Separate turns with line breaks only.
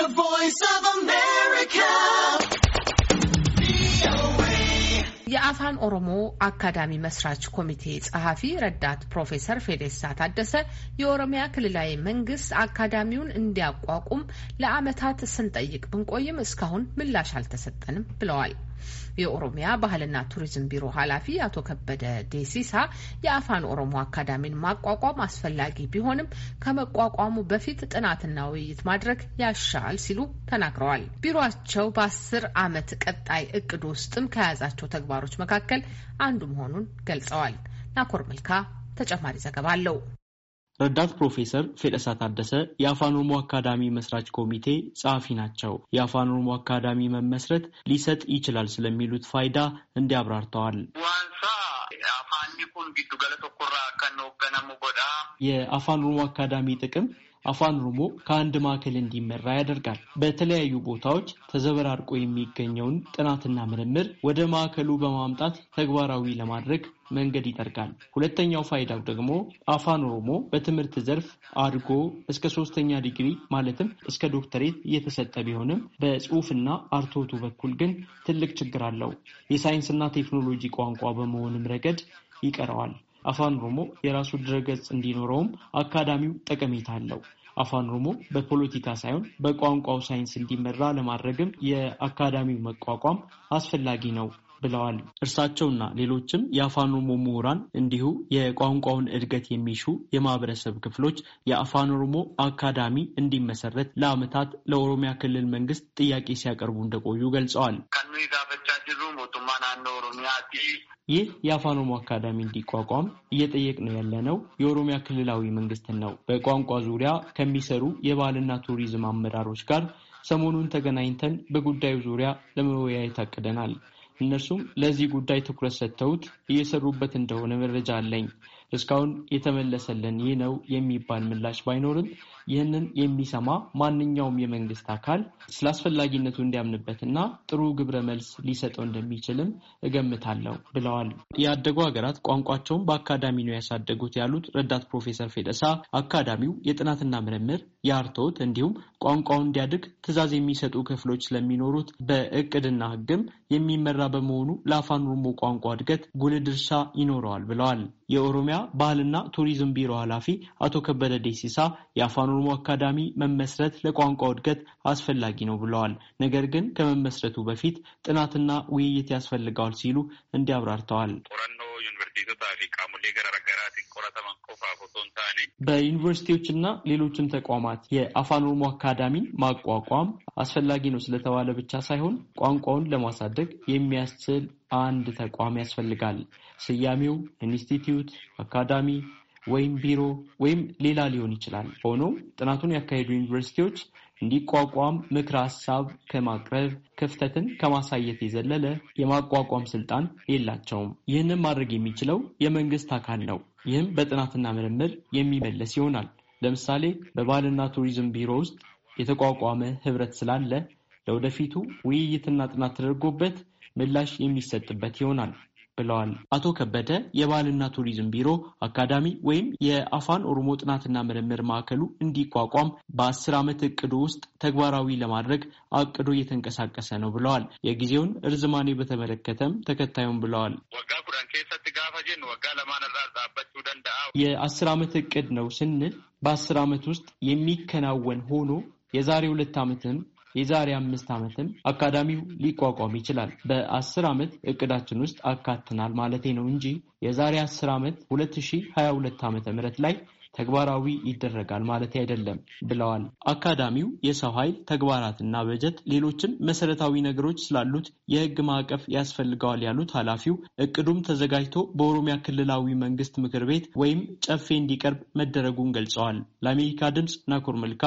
The Voice of America. የአፋን ኦሮሞ አካዳሚ መስራች ኮሚቴ ጸሐፊ ረዳት ፕሮፌሰር ፌዴሳ ታደሰ የኦሮሚያ ክልላዊ መንግስት አካዳሚውን እንዲያቋቁም ለአመታት ስንጠይቅ ብንቆይም እስካሁን ምላሽ አልተሰጠንም ብለዋል። የኦሮሚያ ባህልና ቱሪዝም ቢሮ ኃላፊ አቶ ከበደ ዴሲሳ የአፋን ኦሮሞ አካዳሚን ማቋቋም አስፈላጊ ቢሆንም ከመቋቋሙ በፊት ጥናትና ውይይት ማድረግ ያሻል ሲሉ ተናግረዋል። ቢሮቸው በአስር ዓመት ቀጣይ እቅድ ውስጥም ከያዛቸው ተግባሮች መካከል አንዱ መሆኑን ገልጸዋል። ናኮር መልካ ተጨማሪ ዘገባ
አለው። ረዳት ፕሮፌሰር ፌደሳ ታደሰ የአፋን ኦሮሞ አካዳሚ መስራች ኮሚቴ ጸሐፊ ናቸው። የአፋን ኦሮሞ አካዳሚ መመስረት ሊሰጥ ይችላል ስለሚሉት ፋይዳ እንዲህ የአፋን ኦሮሞ አካዳሚ ጥቅም አፋን ኦሮሞ ከአንድ ማዕከል እንዲመራ ያደርጋል። በተለያዩ ቦታዎች ተዘበራርቆ የሚገኘውን ጥናትና ምርምር ወደ ማዕከሉ በማምጣት ተግባራዊ ለማድረግ መንገድ ይጠርጋል። ሁለተኛው ፋይዳው ደግሞ አፋን ኦሮሞ በትምህርት ዘርፍ አድጎ እስከ ሶስተኛ ዲግሪ ማለትም እስከ ዶክተሬት እየተሰጠ ቢሆንም በጽሁፍና አርቶቱ በኩል ግን ትልቅ ችግር አለው። የሳይንስና ቴክኖሎጂ ቋንቋ በመሆንም ረገድ ይቀረዋል። አፋን ኦሮሞ የራሱ ድረገጽ እንዲኖረውም አካዳሚው ጠቀሜታ አለው። አፋን ኦሮሞ በፖለቲካ ሳይሆን በቋንቋው ሳይንስ እንዲመራ ለማድረግም የአካዳሚው መቋቋም አስፈላጊ ነው ብለዋል። እርሳቸውና ሌሎችም የአፋን ኦሮሞ ምሁራን እንዲሁ የቋንቋውን እድገት የሚሹ የማህበረሰብ ክፍሎች የአፋን ኦሮሞ አካዳሚ እንዲመሰረት ለዓመታት ለኦሮሚያ ክልል መንግስት ጥያቄ ሲያቀርቡ እንደቆዩ ገልጸዋል። ይህ የአፋን ኦሮሞ አካዳሚ እንዲቋቋም እየጠየቅነው ያለነው የኦሮሚያ ክልላዊ መንግስትን ነው። በቋንቋ ዙሪያ ከሚሰሩ የባህልና ቱሪዝም አመራሮች ጋር ሰሞኑን ተገናኝተን በጉዳዩ ዙሪያ ለመወያየት አቅደናል። እነርሱም ለዚህ ጉዳይ ትኩረት ሰጥተውት እየሰሩበት እንደሆነ መረጃ አለኝ። እስካሁን የተመለሰልን ይህ ነው የሚባል ምላሽ ባይኖርም ይህንን የሚሰማ ማንኛውም የመንግስት አካል ስለ አስፈላጊነቱ እንዲያምንበትና ጥሩ ግብረ መልስ ሊሰጠው እንደሚችልም እገምታለሁ ብለዋል። ያደጉ ሀገራት ቋንቋቸውን በአካዳሚ ነው ያሳደጉት ያሉት ረዳት ፕሮፌሰር ፌደሳ አካዳሚው የጥናትና ምርምር የአርቶት እንዲሁም ቋንቋው እንዲያድግ ትዕዛዝ የሚሰጡ ክፍሎች ስለሚኖሩት በእቅድና ህግም የሚመራ በመሆኑ ለአፋን ኦሮሞ ቋንቋ እድገት ጉልህ ድርሻ ይኖረዋል ብለዋል። የኦሮሚያ ባህልና ቱሪዝም ቢሮ ኃላፊ አቶ ከበደ ደሲሳ የአፋን ኦሮሞ አካዳሚ መመስረት ለቋንቋው እድገት አስፈላጊ ነው ብለዋል። ነገር ግን ከመመስረቱ በፊት ጥናትና ውይይት ያስፈልገዋል ሲሉ እንዲያብራርተዋል። በዩኒቨርሲቲዎችና ሌሎችም ተቋማት የአፋን ኦሮሞ አካዳሚን ማቋቋም አስፈላጊ ነው ስለተባለ ብቻ ሳይሆን ቋንቋውን ለማሳደግ የሚያስችል አንድ ተቋም ያስፈልጋል። ስያሜው ኢንስቲትዩት፣ አካዳሚ ወይም ቢሮ ወይም ሌላ ሊሆን ይችላል። ሆኖም ጥናቱን ያካሄዱ ዩኒቨርሲቲዎች እንዲቋቋም ምክረ ሀሳብ ከማቅረብ ክፍተትን ከማሳየት የዘለለ የማቋቋም ስልጣን የላቸውም። ይህንን ማድረግ የሚችለው የመንግስት አካል ነው። ይህም በጥናትና ምርምር የሚመለስ ይሆናል። ለምሳሌ በባህልና ቱሪዝም ቢሮ ውስጥ የተቋቋመ ህብረት ስላለ ለወደፊቱ ውይይትና ጥናት ተደርጎበት ምላሽ የሚሰጥበት ይሆናል። ብለዋል። አቶ ከበደ የባህልና ቱሪዝም ቢሮ አካዳሚ ወይም የአፋን ኦሮሞ ጥናትና ምርምር ማዕከሉ እንዲቋቋም በአስር ዓመት እቅዱ ውስጥ ተግባራዊ ለማድረግ አቅዶ እየተንቀሳቀሰ ነው ብለዋል። የጊዜውን እርዝማኔ በተመለከተም ተከታዩም ብለዋል። የአስር ዓመት እቅድ ነው ስንል በአስር ዓመት ውስጥ የሚከናወን ሆኖ የዛሬ ሁለት ዓመትም የዛሬ አምስት ዓመትም አካዳሚው ሊቋቋም ይችላል። በአስር ዓመት እቅዳችን ውስጥ አካትናል ማለቴ ነው እንጂ የዛሬ አስር ዓመት ሁለት ሺህ ሀያ ሁለት ዓመተ ምህረት ላይ ተግባራዊ ይደረጋል ማለት አይደለም ብለዋል። አካዳሚው የሰው ኃይል ተግባራትና በጀት፣ ሌሎችም መሰረታዊ ነገሮች ስላሉት የህግ ማዕቀፍ ያስፈልገዋል ያሉት ኃላፊው እቅዱም ተዘጋጅቶ በኦሮሚያ ክልላዊ መንግስት ምክር ቤት ወይም ጨፌ እንዲቀርብ መደረጉን ገልጸዋል። ለአሜሪካ ድምፅ ናኩር መልካ